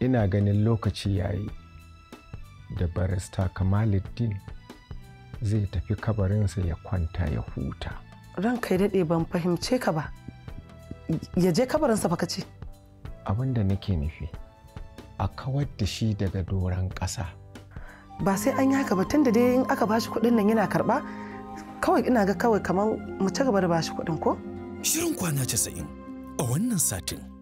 ina ganin lokaci yayi da barista kamaluddin zai tafi kabarinsa ya kwanta ya huta ran kai daɗe ban fahimce ka ba ya je kabarinsa baka ce abin da nake nufi a kawar da shi daga doron ƙasa ba sai an yi haka ba tun da dai in aka bashi kuɗin nan yana karɓa kawai ina ga kawai kamar mu ci gaba da bashi kuɗin ko shirin kwana 90 a wannan satin